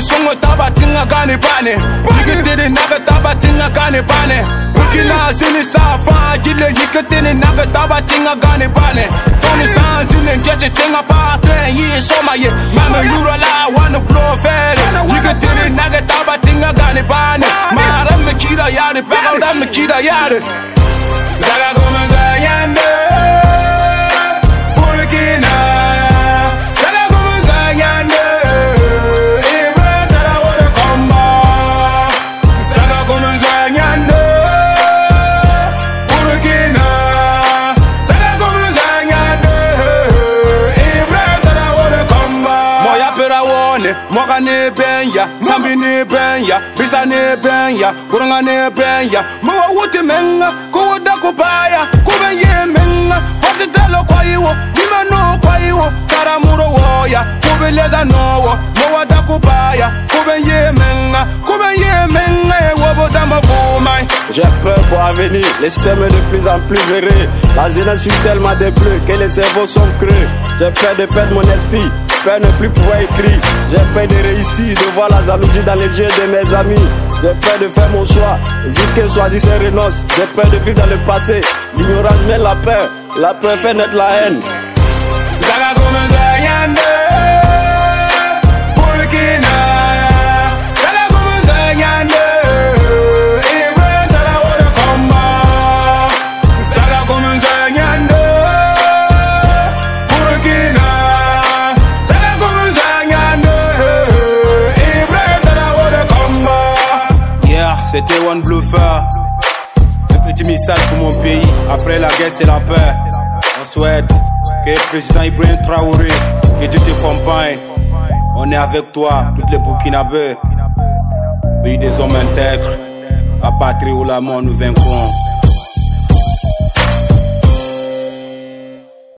songo tabatinga kani bane Jikitini naga tabatinga kani bane Burkina sini safa jile jikitini naga tabatinga kani bane Tony Sanz jile njese tinga pate yi soma ye Mame yura la wanu blow fere Jikitini naga tabatinga kani bane Mara mekira yari, baga mekira yari Bera wone, ne benya, sambi ne benya, bisa ne benya, kurunga ne benya. Mwa wuti menga, kuwuda kubaya, kube ye menga, hosi telo kwa iwo, nima no kwa iwo, karamuro woya, kubeleza nowo, mwa da kubaya, kube ye menga, kube ye menga, wobo dama kumai. J'ai peur pour avenir, les systèmes de plus en plus verrés. La zina suit tellement des bleus que les cerveaux sont creux. J'ai peur de perdre mon esprit de ne plus pouvoir écrire. J'ai peur de réussir, de voir la jalousie dans les yeux de mes amis. J'ai peur de faire mon choix, vu que choisir c'est renonce. J'ai peur de vivre dans le passé. L'ignorance met la peur, la peur fait naître la haine. c'était One Bluffer. Un petit message pour mon pays, après la guerre c'est la paix. On souhaite que le président Ibrahim Traoré, que Dieu te compagne. On est avec toi, toutes les Burkinabés. Pays des hommes intègres, la patrie ou la mort nous vaincrons.